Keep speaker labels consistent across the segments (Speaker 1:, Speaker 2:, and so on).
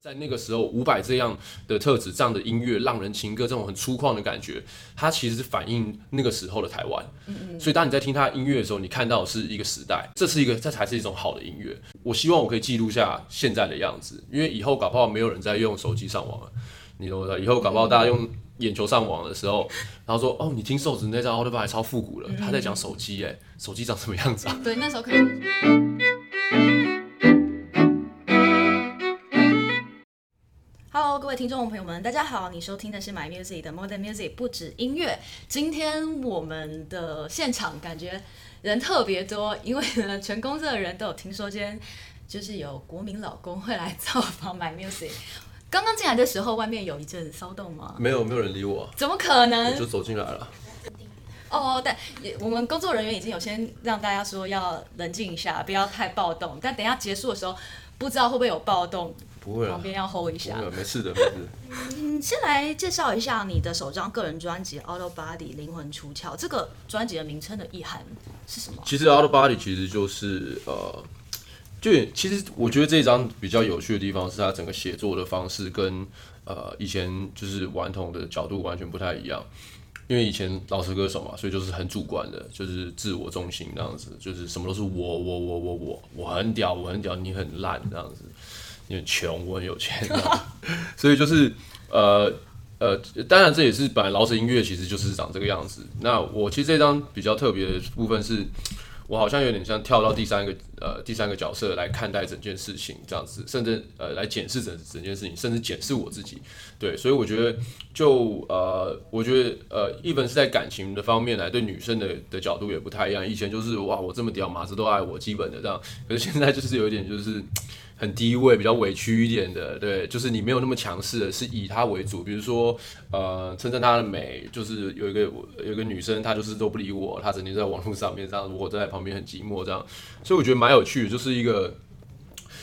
Speaker 1: 在那個時候，伍佰這樣的特質、這樣的音樂、浪人情歌這種很粗獷的感覺，它其實是反映那個時候的台灣，嗯嗯。所以當你在聽他音樂的時候，你看到的是一個時代，這是一個，這才是一種好的音樂。我希望我可以記錄下現在的樣子，因為以後搞不好沒有人在用手機上網了。你懂不懂？以後搞不好大家用眼球上網的時候，然後說：“哦，你聽瘦子那張《奧特 l 還超復古了。嗯嗯”他在講手機，哎，手機長什麼樣子啊？
Speaker 2: 對，那時候可能。嗯各位聽眾朋友們，大家好！你收聽的是《My Music》的《Modern Music》，不止音樂。今天我們的現場感覺人特別多，因為呢，全公司的人都有聽說，今天就是有國民老公會來造訪《My Music》。剛剛進來的時候，外面有一陣騷動嗎？
Speaker 1: 沒有，沒有人理我。怎麼可能？你就走進來
Speaker 2: 了。哦，對，我們工作人員已經有先讓大家說要冷靜一下，不要太暴動。但等一下結束的時候，不知道會不會有暴動。旁邊要 hold 一下，沒事的，沒事。嗯， 先來介紹一下你的首張個人專輯《Auto Body 靈魂出竅》，這個專輯的名稱的意涵是什麼？
Speaker 1: 其實《Auto Body》其實就是呃，就其實我覺得這張比較有趣的地方是他整個寫作的方式跟呃以前就是頑童的角度完全不太一樣，因為以前老實歌手嘛，所以就是很主觀的，就是自我中心這樣子，就是什麼都是我我我我我我，我很屌，我很屌，你很爛這樣子。你很窮，我很有錢，啊， 所以就是，呃，呃，當然這也是本來饒舌音樂其實就是長這個樣子。那我其實這張比較特別的部分是，我好像有點像跳到第三個呃第三個角色來看待整件事情這樣子，甚至呃來檢視整整件事情，甚至檢視我自己。對，所以我覺得就呃，我覺得呃，一本是在感情的方面來對女生的的角度也不太一樣。以前就是哇，我這麼屌，馬子都愛我，基本的這樣。可是現在就是有一點就是。很低位，比較委屈一點的，對，就是你沒有那麼強勢的，是以他為主，比如說，呃，稱讚他的美，就是有一個有一個女生，她就是都不理我，她整天在網絡上面這樣，我在旁邊很寂寞這樣，所以我覺得蠻有趣就是一個。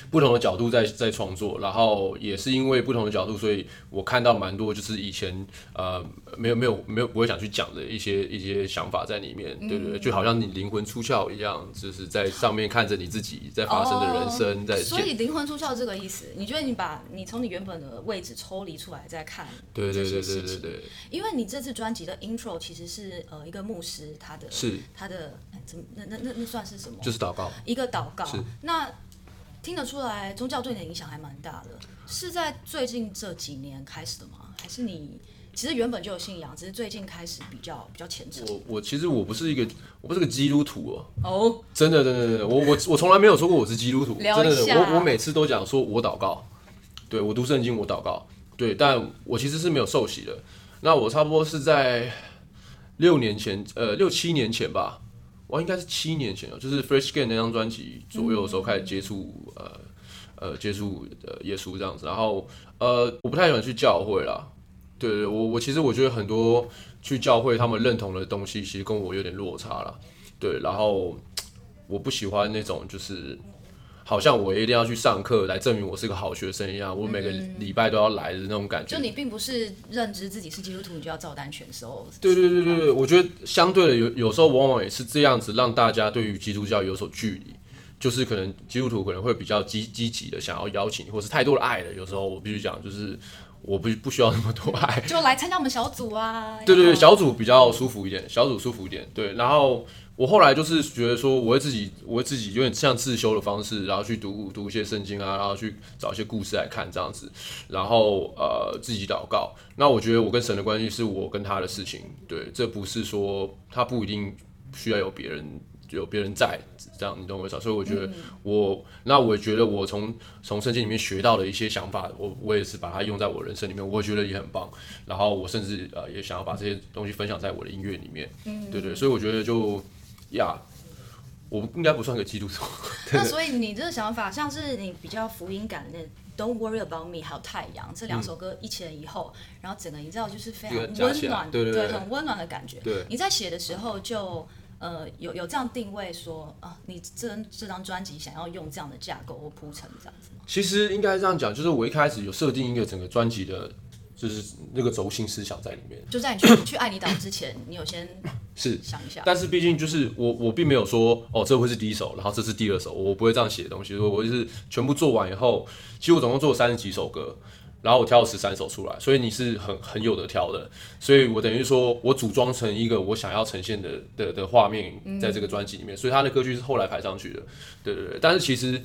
Speaker 1: 不同的角度在在創作，然後也是因為不同的角度，所以我看到蠻多就是以前呃沒有沒有沒有不會想去講的一些一些想法在裡面，嗯、對不對，對？就好像你靈魂出竅一樣，就是在上面看着你自己在發生的人生、哦、在。所以
Speaker 2: 靈魂出竅這個意思，你覺得你把你從你原本的位置抽離出來再看對
Speaker 1: 對，對對對對對對，
Speaker 2: 因為你這次專輯的 intro 其實是呃一個牧師他的是他的怎麼那那那那算是什麼？就是禱告一個禱告那。聽得出來，宗教對你的影響還蠻大的。是在最近這幾年開始的嗎？還是你其實原本就有信仰，只是最近開始比較比較虔誠？我
Speaker 1: 我其實我不是一個我不是個基督徒哦、啊，oh? 真的真的真的，我我我從來沒有說過我是基督徒。 聊一下。真的我我每次都講說我禱告，對我讀聖經，我禱告，對，但我其實是沒有受洗的。那我差不多是在六年前，呃，六七年前吧。我應該是七年前哦，就是《Fresh Skin》那張專輯左右的時候開始接觸、嗯、呃接呃接觸呃耶穌這樣子，然後呃我不太喜歡去教會啦，對對我我其實我覺得很多去教會他們認同的東西其實跟我有點落差啦，對然後我不喜歡那種就是。好像我一定要去上課來證明我是個好學生一樣，我每個禮拜都要來的那種感覺、
Speaker 2: 嗯。就你並不是認知自己是基督徒，你就要照單全收。
Speaker 1: 對對對對對，我覺得相對的有有時候往往也是這樣子，讓大家對於基督教有所距離。就是可能基督徒可能會比較積積極的想要邀請，或是太多的愛的。有時候我必須講，就是我不不需要那麼多愛。
Speaker 2: 就來參加我們小組啊！ 對
Speaker 1: 對對，小組比較舒服一點，小組舒服一點。對，然後。我後來就是覺得說，我會自己，我會自己有點像自修的方式，然後去讀讀一些聖經啊，然後去找一些故事來看這樣子，然後呃自己禱告。那我覺得我跟神的關係是我跟他的事情，對，這不是說他不一定需要有別人有別人在這樣，你懂我意思？所以我覺得我，嗯、那我覺得我從從聖經裡面學到的一些想法，我我也是把它用在我人生裡面，我覺得也很棒。然後我甚至呃也想要把這些東西分享在我的音樂裡面，對對，所以我覺得就。呀、yeah,，我應該不算個基督徒。那所以
Speaker 2: 你這個想法像是你比較福音感的那，Don't worry about me，還有太陽這兩首歌一前一後、嗯，然後整個營造就是非常溫暖，這個、對,對,對,對很溫暖的感覺。對你在寫的時候就、呃、有有這樣定位說啊，你這張這張專輯想要用這樣的架構或鋪陳這樣子。
Speaker 1: 其實應該這樣講，就是我一開始有設定一個整個專輯的。就是那個軸心思想在裡面。就在
Speaker 2: 你去 去愛你島之前，你有先
Speaker 1: 是想一下。但是畢竟就是我，我並沒有說哦，這會是第一首，然後這是第二首，我不會這樣寫的東西。如果我就是全部做完以後，其實我總共做了三十幾首歌，然後我挑了十三首出來，所以你是很很有得挑的。所以我等於說我組裝成一個我想要呈現的的的畫面，在這個專輯裡面，所以他的歌曲是後來排上去的。對對對。但是其實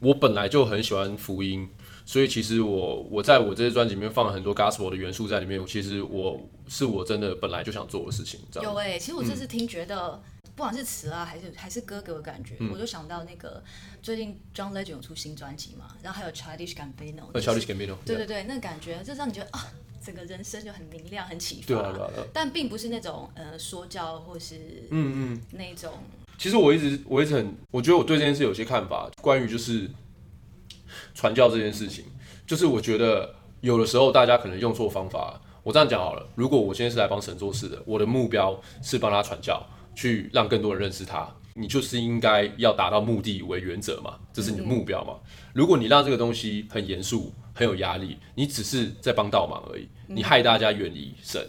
Speaker 1: 我本來就很喜歡福音。所以其實我我在我這些專輯裡面放了很多 gospel 的元素在裡面。其實我是我真的本來就想做的事情，知道嗎？有哎、欸，其實我這次
Speaker 2: 聽覺得、嗯，不管是詞啊，還是還是歌，給我感覺、嗯，我就想到那個最近 John Legend 有出新專輯嘛，然後還有 Childish Gambino、就是。嗯就是、Childish Gambino。對對對，這那個、感覺這就讓你覺得啊，整個人生就很明亮，很啟發。對、啊、對、啊對啊、但並不是那種呃說教或是嗯嗯，嗯那種。
Speaker 1: 其實我一直我一直很，我覺得我對這件事有些看法，關於就是。嗯傳教這件事情、嗯，就是我覺得有的時候大家可能用錯方法、啊。我這樣講好了，如果我今天是來幫神做事的，我的目標是幫他傳教，去讓更多人認識他。你就是應該要達到目的為原則嘛，這是你的目標嘛。嗯嗯，如果你讓這個東西很嚴肅、很有壓力，你只是在幫倒忙而已、嗯，你害大家遠離神。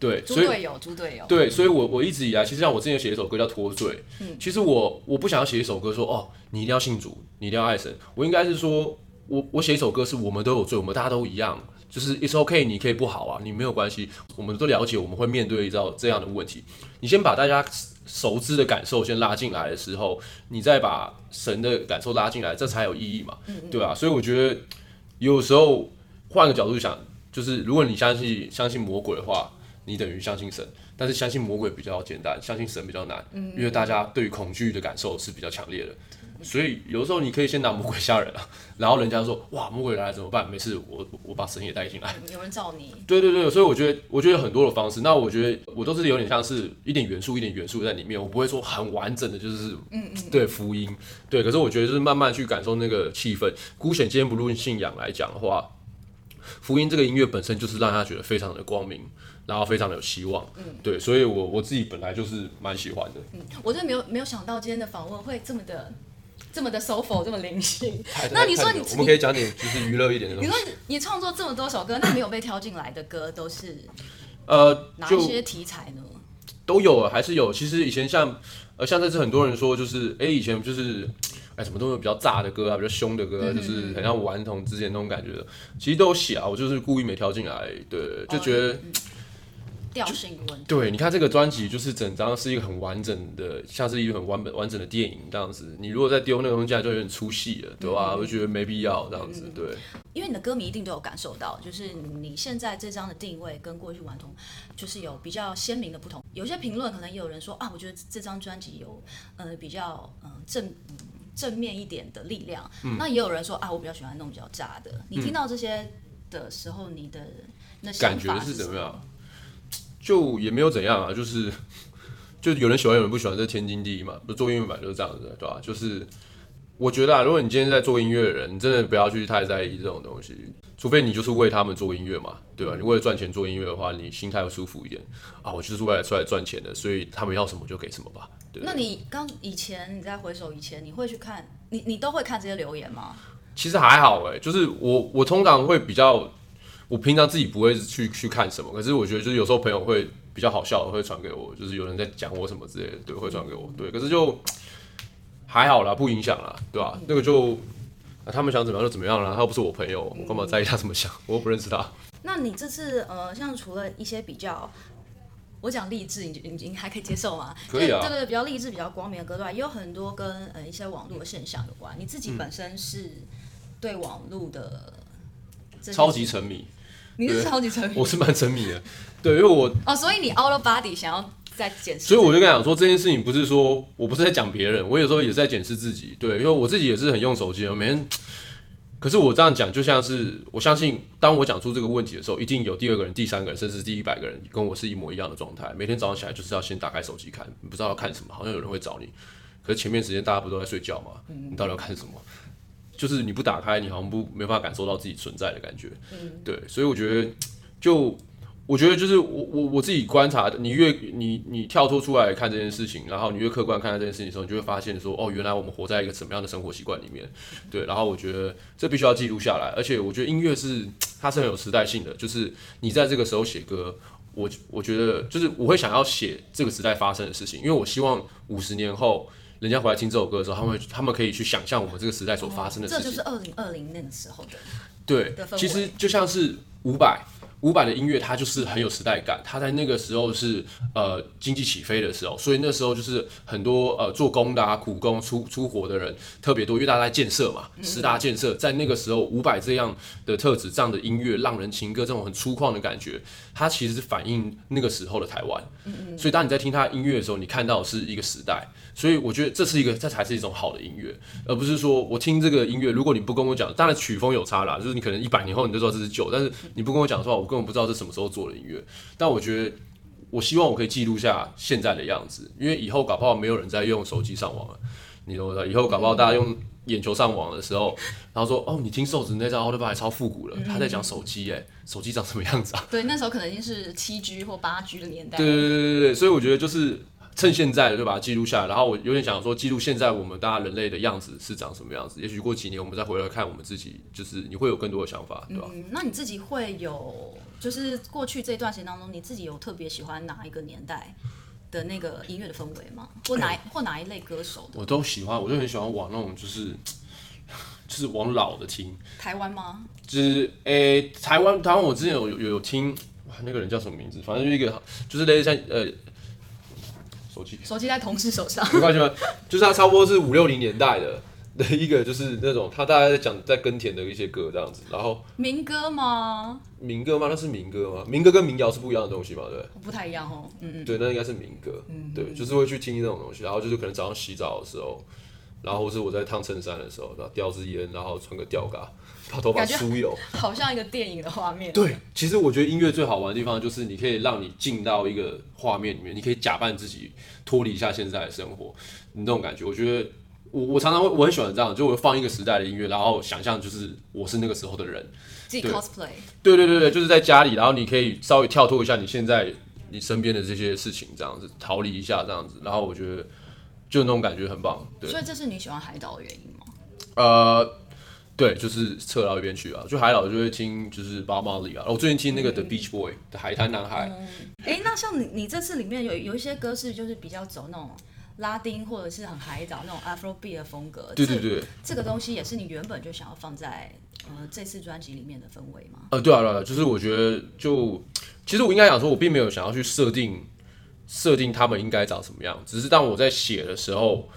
Speaker 1: 對，豬
Speaker 2: 隊友，豬隊友。
Speaker 1: 對，所以我，我我一直以來，其實像我之前寫一首歌叫《脫罪》，嗯，其實我我不想要寫一首歌說，哦，你一定要信主。你一定要愛神。我應該是說，我我寫一首歌，是我們都有罪，我們大家都一樣，就是 It's OK，你可以不好啊，你沒有關係，我們都了解，我們會面對到這樣的問題。你先把大家熟知的感受先拉進來的時候，你再把神的感受拉進來，這才有意義嘛，對吧？所以我覺得有時候換個角度想，就是如果你相信相信魔鬼的話，你等於相信神，但是相信魔鬼比較簡單，相信神比較難，因為大家對於恐懼的感受是比較強烈的。所以有時候你可以先拿魔鬼嚇人啊，然後人家說，哇，魔鬼來了怎麼辦？沒事，我我把神也帶進來。嗯。
Speaker 2: 有
Speaker 1: 人罩你？對對對，所以我覺得我覺得很多的方式。那我覺得我都是有點像是一點元素一點元素在裡面，我不會說很完整的，就是嗯嗯，對福音、嗯，對。可是我覺得就是慢慢去感受那個氣氛。姑且今天不論信仰來講的話，福音這個音樂本身就是讓他覺得非常的光明，然後非常的有希望。嗯、對，所以我我自己本來就是蠻喜歡的。嗯，
Speaker 2: 我真的沒有沒有想到今天的訪問會這麼的。這麼的 sofa 這麼靈性。 那，你說你 那你說你，我們可以講點
Speaker 1: 就是娛樂一點的東西。你
Speaker 2: 說你創作這麼多首歌，那沒有被挑進來的歌都是，
Speaker 1: 呃，哪一些題材呢？呃、都有，還是有。其實以前像呃，像這次很多人說就是，哎、欸，以前就是哎、欸，什麼東西比較炸的歌啊，比較凶的歌、嗯，就是很像頑童之前那種感覺的，其實都有寫啊。我就是故意沒挑進來，對，就覺得。哦嗯嗯
Speaker 2: 調性問
Speaker 1: 題。對，你看這個專輯，就是整張是一個很完整的，像是一個很完完整的電影這樣子。你如果再丟那個東西就有點出戲了、嗯，對吧？我覺得沒必要這樣子對。對、嗯嗯嗯嗯
Speaker 2: 嗯嗯，因為你的歌迷一定都有感受到，就是你現在這張的定位跟過去完全就是有比較鮮明的不同。有些評論可能也有人說啊，我覺得這張專輯有呃比較呃正、嗯、正面一點的力量。嗯、那也有人說啊，我比較喜歡那種比較炸的。你聽到這些的時候，嗯、你的那感覺是怎麼樣？
Speaker 1: 就也沒有怎樣啊，就是，就有人喜歡有人不喜歡，這、就是、天經地義嘛。不做音樂版就是這樣子，對吧、啊？就是我覺得啊，如果你今天在做音樂的人，你真的不要去太在意這種東西，除非你就是為他們做音樂嘛，對吧、啊？你為了賺錢做音樂的話，你心態要舒服一點啊。我就是為了出來賺錢的，所以他們要什麼就給什麼吧。對啊、那你
Speaker 2: 剛以前你在回首以前，你會去看你你都會看這些留言嗎？
Speaker 1: 其實還好哎、欸，就是我我通常會比較。我平常自己不會去去看什麼，可是我覺得就是有時候朋友會比較好笑的，會傳給我，就是有人在講我什麼之類的，對，會傳給我，對，可是就還好啦，不影響啦，對吧、啊嗯？那個就、啊、他們想怎麼樣就怎麼樣啦。他又不是我朋友，我幹嘛在意他怎麼想、嗯？我又不認識他。
Speaker 2: 那你這次呃，像除了一些比較我講勵志，你你你還可以接受嗎？對對對，這個比較勵志、比較光明的歌段，也有很多跟呃一些網絡的現象有關。你自己本身是對網絡的、嗯、超級
Speaker 1: 沉迷。你是超級沉迷，我是蠻沉迷的，對，因為我
Speaker 2: 哦，所以你 out of body 想要再檢視，所以我就
Speaker 1: 跟你講說，這件事情不是說我不是在講別人，我有時候也是在檢視自己，對，因為我自己也是很用手機，我每天，可是我這樣講，就像是我相信，當我講出這個問題的時候，一定有第二個人、第三個人，甚至第一百個人跟我是一模一樣的狀態，每天早上起來就是要先打開手機看，你不知道要看什麼，好像有人會找你，可是前面時間大家不都在睡覺嗎？你到底要看什麼？嗯就是你不打開，你好像不沒辦法感受到自己存在的感覺，嗯、對，所以我覺得，就我覺得就是我我我自己觀察的，你越你你跳脫出來看這件事情，然後你越客觀看待這件事情的時候，你就會發現說，哦，原來我們活在一個什麼樣的生活習慣裡面、嗯，對，然後我覺得這必須要記錄下來，而且我覺得音樂是它是很有時代性的，就是你在這個時候寫歌，我我覺得就是我會想要寫這個時代發生的事情，因為我希望五十年後。人家回來聽這首歌的時候，他們會他們可以去想象我們這個時代所發生的事情。嗯，這就
Speaker 2: 是二零二零那個時候的，
Speaker 1: 對，其實就像是伍佰。伍佰的音樂，它就是很有時代感。它在那個時候是呃經濟起飛的時候，所以那時候就是很多呃做工的啊、苦工、出出活的人特別多，因為大家在建設嘛，十大建設在那個時候，伍佰這樣的特質、這樣的音樂、浪人情歌這種很粗獷的感覺，它其實是反映那個時候的台灣。所以當你在聽他的音樂的時候，你看到的是一個時代。所以我覺得這是一個，這才是一種好的音樂，而不是說我聽這個音樂，如果你不跟我講，當然曲風有差啦，就是你可能一百年後你就知道這是舊，但是你不跟我講的話，我。根本不知道這什麼時候做的音樂，但我覺得，我希望我可以記錄下現在的樣子，因為以後搞不好沒有人再用手機上網了。你懂的，以後搞不好大家用眼球上網的時候，然後說：“哦，你聽瘦子那張《Outta Body》還超復古了。嗯”他在講手機，哎，手機長什麼樣子啊？
Speaker 2: 對，那時候可能已經是七 G 或八 G 的年代。對對
Speaker 1: 對對，所以我覺得就是。趁現在就把它記錄下來，然後我有點想說，記錄現在我們大家人類的樣子是長什麼樣子。也許過幾年我們再回來看我們自己，就是你會有更多的想法，嗯、對吧？嗯，那
Speaker 2: 你自己會有，就是過去這一段時間當中，你自己有特別喜歡哪一個年代的那個音樂的氛圍嗎？或哪 或哪一類歌手的？
Speaker 1: 我都喜歡，我就很喜歡往那種就是就是往老的聽。
Speaker 2: 台灣嗎？就
Speaker 1: 是誒、欸，台灣，台灣，我之前有有有聽哇，那個人叫什麼名字？反正就是一個，就是類似像呃。手機手
Speaker 2: 機在同事手上沒
Speaker 1: 關係嗎？ 就是他差不多是五六零年代的的一個，就是那種他大概在講在耕田的一些歌這樣子，然後
Speaker 2: 民歌嗎？
Speaker 1: 民歌嗎？那是民歌嗎？民歌跟民謠是不一樣的東西嘛？對，
Speaker 2: 不太一樣哦。嗯，嗯，對，
Speaker 1: 那應該是民歌。嗯，對，就是會去聽那種東西，然後就是可能早上洗澡的時候，然後或是我在燙襯衫的時候，然後叼支煙，然後穿個吊嘎。把頭髮梳油，
Speaker 2: 好像一個電影的畫面。 對，
Speaker 1: 其實我覺得音樂最好玩的地方就是你可以讓你進到一個畫面裡面，你可以假扮自己脫離一下現在的生活，那種感覺。我覺得我我常常會我很喜歡這樣，就我放一個時代的音樂，然後想象就是我是那個時候的人。自己 cosplay。對對對對，對，就是在家裡，然後你可以稍微跳脫一下你現在你身邊的這些事情，這樣子逃離一下，這樣子。然後我覺得就那種感覺很棒。對，
Speaker 2: 所以
Speaker 1: 這是你喜歡海島的原因嗎？呃。對，就是撤到一邊去啊！就海島就會聽，就是巴哈里啊。我最近聽那個 The Beach Boy 的、嗯《The、海灘男孩》
Speaker 2: 嗯。哎、嗯，那像你，你這次裡面有有一些歌是就是比較走那種拉丁或者是很海島那種 Afrobeat 的風格。對對對這，這個東西也是你原本就想要放在、嗯呃、這次專輯裡面的氛圍
Speaker 1: 嗎？呃，對啊，對啊，就是我覺得就其實我應該講說，我並沒有想要去設定設定他們應該找什麼樣，只是當我在寫的時候，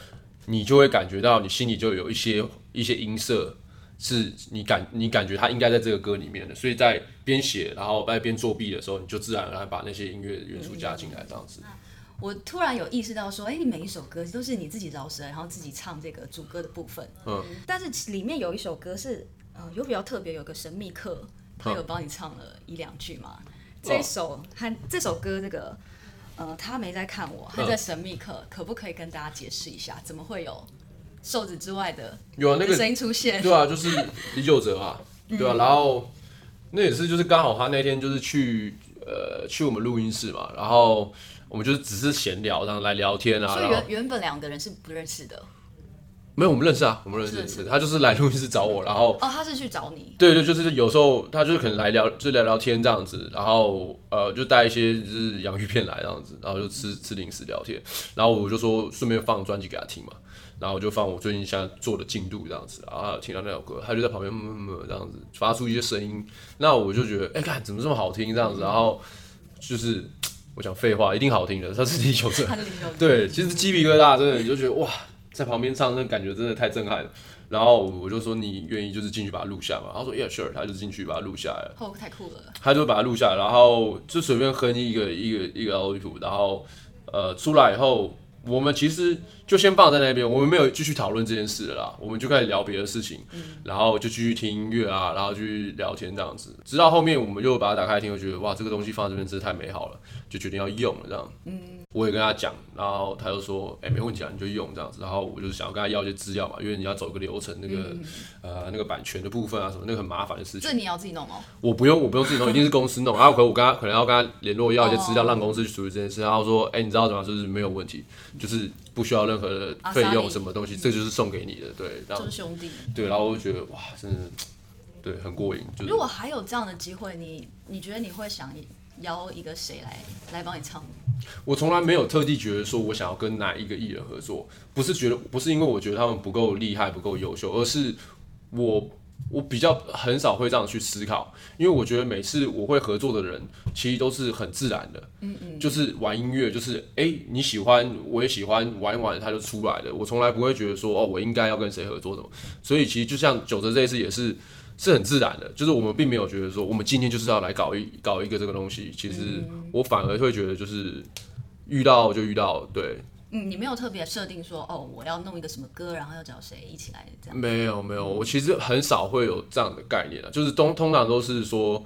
Speaker 1: 你就會感覺到你心裡就有一些一些音色。是你感你感覺他應該在這個歌裡面的，所以在邊寫然後在邊作弊的時候，你就自然而然把那些音樂元素加進來這樣子、嗯嗯嗯。
Speaker 2: 我突然有意識到說，哎、欸，你每一首歌都是你自己饒舌，然後自己唱這個主歌的部分。嗯。但是裡面有一首歌是嗯、呃，有比較特別，有個神秘客，
Speaker 1: 他有幫
Speaker 2: 你唱了一兩句嗎、嗯？這一首、哦、還這首歌這個呃，他沒在看我，他在神秘客、嗯，可不可以跟大家解釋一下，怎麼會有？瘦子之外的有、啊、那個聲音出現，對
Speaker 1: 啊，就是李玖哲 啊，
Speaker 2: 對啊，然
Speaker 1: 後那也是就是剛好他那天就是去呃去我們錄音室嘛，然後我們就是只是閒聊，然後來聊天啊。所以原原
Speaker 2: 本兩個人是不認識
Speaker 1: 的，沒有我們認識啊，我們認識認識。他就是來錄音室找我，然後
Speaker 2: 哦，他是去找
Speaker 1: 你？對對，就是有時候他就是可能來聊，就聊聊天這樣子，然後呃，就帶一些就是洋芋片來這樣子，然後就吃、嗯、吃零食聊天，然後我就說順便放專輯給他聽嘛。然後我就放我最近現在做的進度這樣子，然後他有聽到那首歌，他就在旁邊麼麼麼這樣子發出一些聲音，那我就覺得，哎、欸，看怎麼這麼好聽這樣子，然後就是我講廢話，一定好聽的，他是李玖哲， 對， 其實雞皮疙瘩真的你就覺得哇，在旁邊唱那感覺真的太震撼了。然後我就說你願意就是進去把它錄下嘛，他說 y h、yeah, sure 他就進去把它錄下來，oh,
Speaker 2: 太酷了，
Speaker 1: 他就把它錄下來，然後就隨便哼一個一個一個 OP，然後呃出來以後。我們其實就先放在那邊，我們沒有繼續討論這件事了啦，我們就開始聊別的事情，嗯，然後就繼續聽音樂啊，然後繼續聊天這樣子，直到後面我們就把它打開聽，我覺得哇，這個東西放在這邊真的太美好了，就決定要用了這樣。嗯我也跟他講，然後他就說：“哎，沒問題啊，你就用這樣子。”然後我就想要跟他要一些資料嘛，因為你要走個流程，嗯、那個、嗯、呃那個版權的部分啊什麼，那個、很麻煩的事情。這你要自己弄嗎、哦？我不用，我不用自己弄，一定是公司弄。 然後可能我跟他可能要跟他聯絡，要一些資料，oh. 讓公司去處理這件事。然後說：“哎，你知道怎麼樣？就是沒有問題，就是不需要任何的費用，什麼東西，阿莎力。這就是送給你的。”對，真兄弟。對，然後我就覺得哇，真的，對，很過癮、就是。如果
Speaker 2: 還有這樣的機會，你你覺得你會想邀一個誰來來幫你唱？
Speaker 1: 我從來沒有特地覺得說我想要跟哪一個藝人合作，不是覺得不是因為我覺得他們不夠厲害，不夠優秀，而是我我比較很少會這樣去思考，因為我覺得每次我會合作的人，其實都是很自然的，嗯嗯，就是玩音樂，就是哎，欸，你喜歡，我也喜歡，玩一玩他就出來了。我從來不會覺得說哦，我應該要跟誰合作的。所以其實就像玖哲這一次也是。是很自然的，就是我們並沒有覺得說我們今天就是要來搞一搞一個這個東西。其實我反而會覺得，就是遇到就遇到，對。
Speaker 2: 嗯，你沒有特別設定說哦，我要弄一個什麼歌，然後要找誰一起
Speaker 1: 來這樣？沒有，沒有。我其實很少會有這樣的概念啦，就是通通常都是說，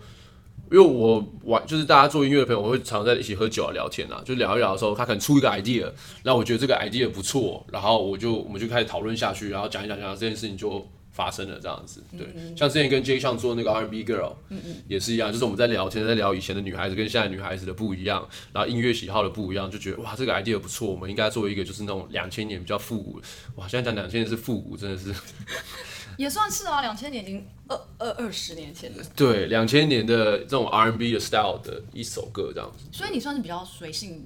Speaker 1: 因為我玩，就是大家做音樂的朋友我會常在一起喝酒啊、聊天啊，就聊一聊的時候，他可能出一個 idea，然後我覺得這個 idea 不錯，然後我就我們就開始討論下去，然後講一講，講，講到這件事情就。發生了這樣子，對，像之前跟街巷做那個 R&B girl，嗯嗯，也是一樣，就是我們在聊天，在聊以前的女孩子跟現在的女孩子的不一樣，然後音樂喜好的不一樣，就覺得哇，這個 idea 不錯，我們應該做一個就是那種兩千年比較復古。哇，現在講兩千年是復古，真的是，
Speaker 2: 也算是啊，兩千年已經二二二十年前
Speaker 1: 的。對，兩千年的這種 R&B 的 style 的一首歌這樣子，
Speaker 2: 所以你算是比較隨性。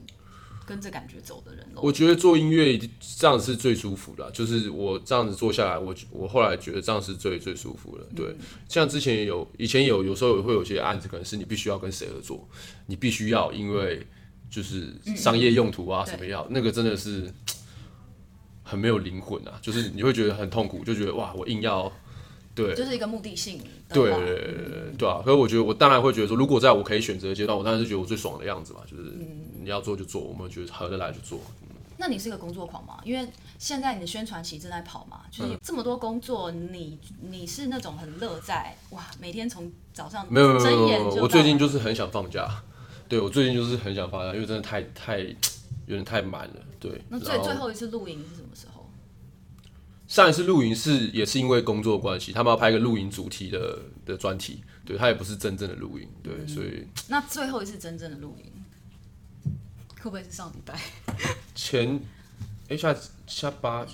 Speaker 2: 跟
Speaker 1: 着感覺走的人囉。我覺得做音樂這樣是最舒服的。啊，就是我這樣子做下來，我我後來覺得這樣是最最舒服的。對，嗯、像之前有以前有有時候也會有一些案子，可能是你必須要跟誰合作，你必須要因為就是商業用途啊、嗯、什麼要那個真的是很沒有靈魂啊，就是你會覺得很痛苦，就覺得哇，我硬要、嗯、對，就是
Speaker 2: 一個目的性，
Speaker 1: 對對，對，對，對啊。所以我覺得我當然會覺得說，如果在我可以選擇的階段，我當然是覺得我最爽的樣子嘛，就是。嗯你要做就做，我們覺得合得來就做，嗯。
Speaker 2: 那你是一個工作狂嗎？因為現在你的宣傳期正在跑嘛，就是有這麼多工作，你你是那種很樂在哇，每天從早上睜眼就在那裡。沒有沒有沒有沒有沒有，我最近
Speaker 1: 就是很想放假。對，我最近就是很想放假，因為真的太太有點太滿了。對，那最後最後
Speaker 2: 一次露營是什麼時候？
Speaker 1: 上一次露營是也是因為工作關係，他們要拍一個露營主題的的專題，對，它也不是真正的露營，對，所以，
Speaker 2: 嗯，那最後一次真正的露營。會不會是上禮拜？
Speaker 1: 前哎、欸，下下八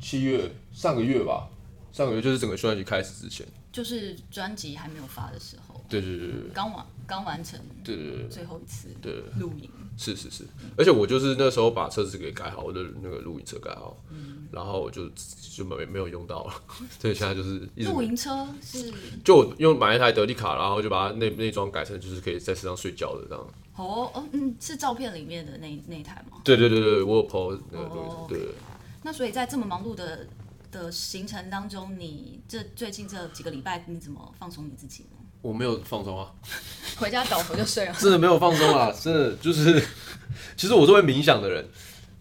Speaker 1: 七月上個月吧，上個月就是整個專輯開始之前，
Speaker 2: 就是專輯還沒有發的時候，
Speaker 1: 對對對,對，
Speaker 2: 剛完剛完成，對對對，最後一次對錄影。
Speaker 1: 是是是，而且我就是那時候把車子給改好，我的那個露營車改好、嗯，然後我就就沒沒有用到了，所、嗯、以 現在就是露營
Speaker 2: 車是
Speaker 1: 就用買一台德利卡，然後就把它那那裝改成就是可以在車上睡覺的這樣。哦、
Speaker 2: oh, 哦嗯，是照片裡面的那那一台嗎？
Speaker 1: 對對對對，我有 PO。哦、oh, okay.，對，對，對。
Speaker 2: 那所以在這麼忙碌的的行程當中，你這最近這幾個禮拜你怎麼放鬆你自己呢？
Speaker 1: 我沒有放鬆啊，
Speaker 2: 回家倒頭就睡了。真的
Speaker 1: 沒有放鬆啊，真的就是，其實我作為冥想的人，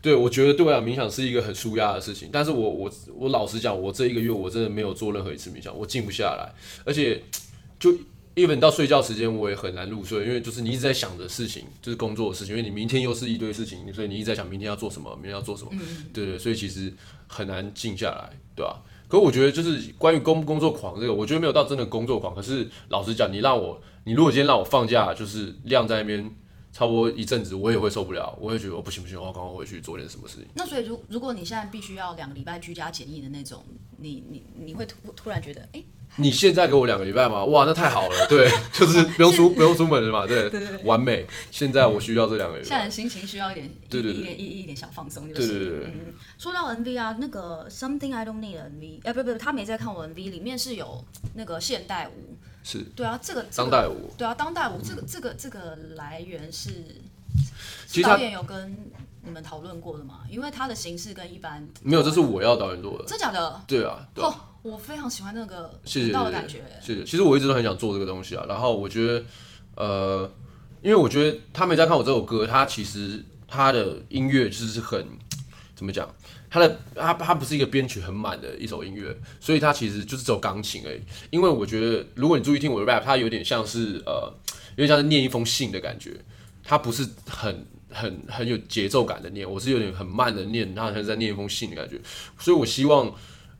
Speaker 1: 對我覺得對我來講冥想是一個很舒壓的事情。但是我我我老實講，我這一個月我真的沒有做任何一次冥想，我靜不下來。而且就，even 到睡覺時間我也很難入睡，因為就是你一直在想着事情，就是工作的事情，因為你明天又是一堆事情，所以你一直在想明天要做什麼，明天要做什麼，對對，所以其實很難靜下來，對吧、啊？可我覺得就是關於工不工作狂這個，我覺得沒有到真的工作狂。可是老實講，你讓我，你如果今天讓我放假，就是晾在那邊差不多一陣子，我也會受不了，我也覺得我不行不行，我要趕快回去做點什麼事情。
Speaker 2: 那所以，如如果你現在必須要兩個禮拜居家檢疫的那種，你你你會突突然覺得，誒。
Speaker 1: 你現在給我兩個禮拜嗎？哇，那太好了，對，就是不用出 不用出門了嘛，對，對，對，對，完美。現在我需要這兩個禮拜。現
Speaker 2: 在的心情需要一點，一點，一點一一,一,一,一,一點小放鬆就行，是。對，對，對，對，嗯、說到 MV 啊，那個《Something I Don't Need》MV 哎，不不、不他沒在看我 MV 裡面是有那個現代舞，是對啊，這個、這個、當代舞，對啊，當代舞，嗯、這個這個這個來源是，其實他是導演有跟你們討論過的嗎？因為他的形式跟一般沒
Speaker 1: 有、沒有，這是我要導演做的，真假的？對啊，對啊。對啊 oh,
Speaker 2: 我非常喜歡那個味道的感覺。謝謝，對對
Speaker 1: 對對，是的。其實我一直都很想做這個東西啊。然後我覺得，呃，因為我覺得他沒在看我這首歌，他其實他的音樂就是很怎麼講，他的他他不是一個編曲很滿的一首音樂，所以他其實就是走鋼琴而已。因為我覺得，如果你注意聽我的 rap，它有點像是呃，有點像是念一封信的感覺。它不是很很很有節奏感的念，我是有點很慢的念，它好像在念一封信的感覺。所以我希望。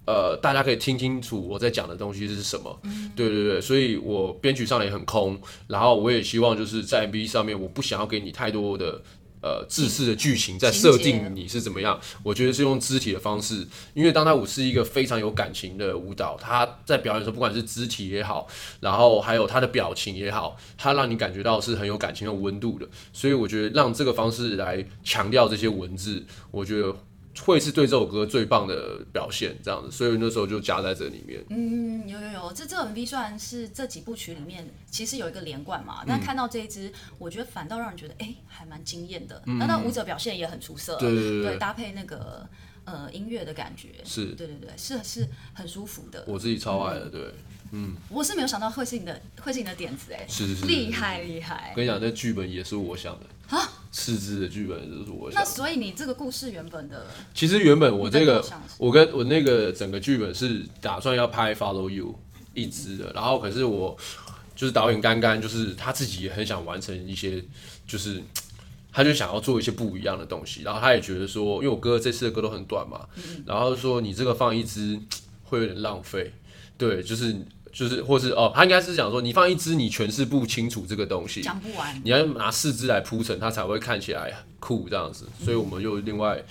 Speaker 1: 呃，大家可以聽清楚我在講的東西是什麼。嗯。對對對，所以我編曲上來也很空，然後我也希望就是在 MV 上面，我不想要給你太多的呃制式的劇情在設定你是怎麼樣。我覺得是用肢體的方式，因為當代舞是一個非常有感情的舞蹈，它在表演的時候，不管是肢體也好，然後還有他的表情也好，它讓你感覺到是很有感情的、有溫度的。所以我覺得讓這個方式來強調這些文字，我覺得。會是對這首歌最棒的表現，這樣子，所以那時候就夾在這裡面。
Speaker 2: 嗯，有有有，這這 MV 算是這幾部曲裡面其實有一個連貫嘛、嗯，但看到這一支，我覺得反倒讓人覺得哎，還蠻驚艷的。那、嗯、那舞者表現也很出色，對對，對，對搭配那個呃音樂的感覺，是對對對，是是很舒服的。我自己超愛
Speaker 1: 的、嗯，對，嗯，
Speaker 2: 我是沒有想到會是你的，會是你的點子哎，是是是，厲害厲害，厲害。跟
Speaker 1: 你講，那劇本也是我想的。啊，四支的劇本就是我。那
Speaker 2: 所以你這個故事原本的，
Speaker 1: 其實原本我這個，我跟我那個整個劇本是打算要拍《Follow You》一支的，嗯，然後可是我就是導演剛剛就是他自己也很想完成一些，就是他就想要做一些不一樣的東西，然後他也覺得說，因為我哥這次的歌都很短嘛，然後說你這個放一支會有點浪費，對，就是。就是，或是哦，他應該是想說，你放一支你詮釋不清楚這個東西，講不完，你要拿四支來鋪陳，它才會看起來酷這樣子。嗯，所以，我們又另外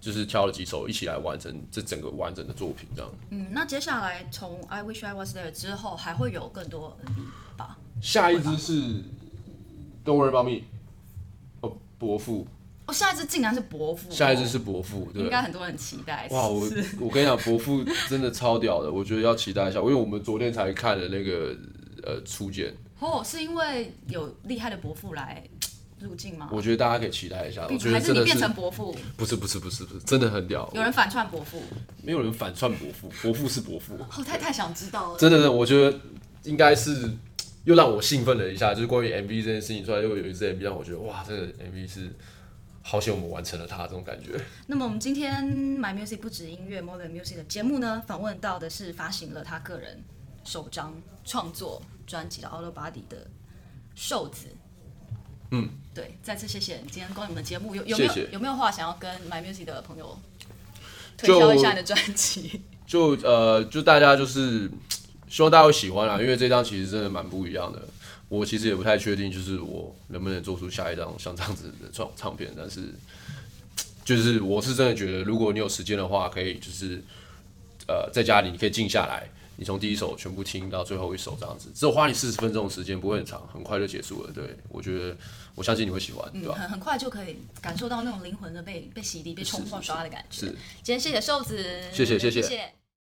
Speaker 1: 就是挑了幾首一起來完成這整個完整的作品這樣。
Speaker 2: 嗯，那接下來從《I Wish I Was There》之後還會有更多，
Speaker 1: 吧？下一支是《Don't Worry About Me》，哦，伯父。
Speaker 2: 我、哦、下一支竟然是伯父，下一支是
Speaker 1: 伯父，應該
Speaker 2: 很多人很期待。哇、哦，我我跟
Speaker 1: 你講，伯父真的超屌的，我覺得要期待一下。因為我們昨天才看了那個呃初見。
Speaker 2: 哦，是因為有厲害的伯父來入鏡嗎？我
Speaker 1: 覺得大家可以期待一下我覺得。還是你變成伯父？不是不是不是不是，真的很屌的。
Speaker 2: 有人反串伯父？
Speaker 1: 沒有人反串伯父，伯父是伯父。哦、
Speaker 2: 太太想知道了，
Speaker 1: 真的，真的，我覺得應該是又讓我興奮了一下，就是關於 MV 這件事情，出來又有一支 MV 讓我覺得哇，這個 MV 是。好險我們完成了他這種感覺。
Speaker 2: 那麼我們今天 My Music 不止音樂 More than Music 的節目呢，訪問到的是發行了他個人首張創作專輯的 Out of Body 的瘦子。嗯，對，再次謝謝你今天光臨我們的節目，有有沒有謝謝，有沒有話想要跟 My Music 的朋友推銷一下你的專輯？
Speaker 1: 就，就呃，就大家就是希望大家會喜歡啦，嗯、因為這張其實真的蠻不一樣的。我其實也不太確定，就是我能不能做出下一張像這樣子的唱唱片。但是，就是我是真的覺得，如果你有時間的話，可以就是，呃，在家裡你可以靜下來，你從第一首全部聽到最後一首這樣子，只有花你四十分鐘的時間，不會很長，很快就結束了。對，我覺得我相信你會喜歡，
Speaker 2: 對、嗯、吧？很很快就可以感受到那種靈魂的被被洗滌、被沖刷的感覺。是，今天謝謝瘦子，謝謝謝謝。